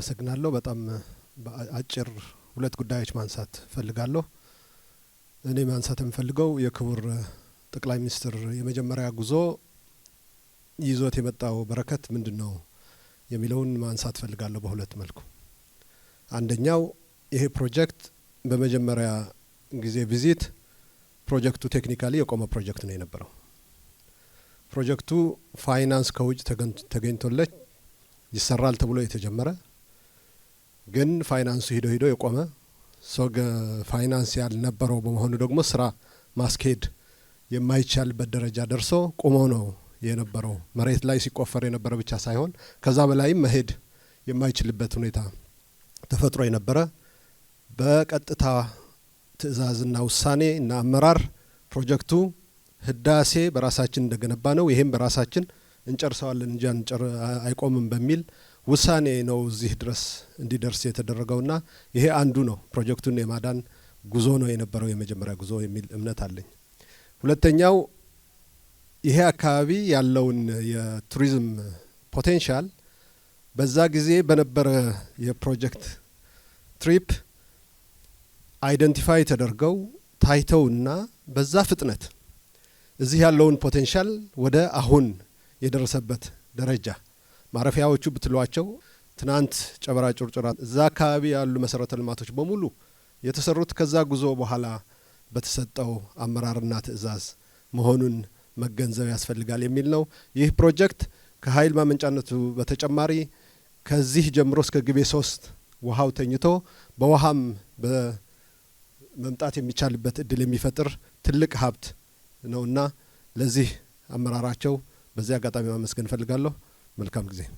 አመሰግናለሁ። በጣም አጭር ሁለት ጉዳዮች ማንሳት ፈልጋለሁ። እኔ ማንሳት የምፈልገው የክቡር ጠቅላይ ሚኒስትር የመጀመሪያ ጉዞ ይዞት የመጣው በረከት ምንድን ነው የሚለውን ማንሳት ፈልጋለሁ በሁለት መልኩ። አንደኛው ይሄ ፕሮጀክት በመጀመሪያ ጊዜ ቪዚት ፕሮጀክቱ ቴክኒካሊ የቆመ ፕሮጀክት ነው የነበረው። ፕሮጀክቱ ፋይናንስ ከውጭ ተገኝቶለች ይሰራል ተብሎ የተጀመረ ግን ፋይናንሱ ሂዶ ሂዶ የቆመ ሰው ፋይናንስ ያልነበረው በመሆኑ ደግሞ ስራ ማስኬድ የማይቻልበት ደረጃ ደርሶ ቁሞ ነው የነበረው። መሬት ላይ ሲቆፈር የነበረ ብቻ ሳይሆን ከዛ በላይም መሄድ የማይችልበት ሁኔታ ተፈጥሮ የነበረ በቀጥታ ትዕዛዝና ውሳኔ እና አመራር ፕሮጀክቱ ህዳሴ በራሳችን እንደገነባ ነው። ይሄም በራሳችን እንጨርሰዋለን እንጂ አይቆምም በሚል ውሳኔ ነው እዚህ ድረስ እንዲደርስ የተደረገውና ይሄ አንዱ ነው ፕሮጀክቱን የማዳን ጉዞ ነው የነበረው የመጀመሪያ ጉዞ የሚል እምነት አለኝ። ሁለተኛው ይሄ አካባቢ ያለውን የቱሪዝም ፖቴንሻል በዛ ጊዜ በነበረ የፕሮጀክት ትሪፕ አይደንቲፋይ ተደርገው ታይተውና በዛ ፍጥነት እዚህ ያለውን ፖቴንሻል ወደ አሁን የደረሰበት ደረጃ ማረፊያዎቹ ብትሏቸው ትናንት ጨበራ ጩርጩራ፣ እዛ አካባቢ ያሉ መሰረተ ልማቶች በሙሉ የተሰሩት ከዛ ጉዞ በኋላ በተሰጠው አመራርና ትዕዛዝ መሆኑን መገንዘብ ያስፈልጋል የሚል ነው። ይህ ፕሮጀክት ከኃይል ማመንጫነቱ በተጨማሪ ከዚህ ጀምሮ እስከ ግቤ ሶስት ውሃው ተኝቶ በውሃም በመምጣት የሚቻልበት እድል የሚፈጥር ትልቅ ሀብት ነውና ለዚህ አመራራቸው በዚህ አጋጣሚ ማመስገን እፈልጋለሁ። መልካም ጊዜ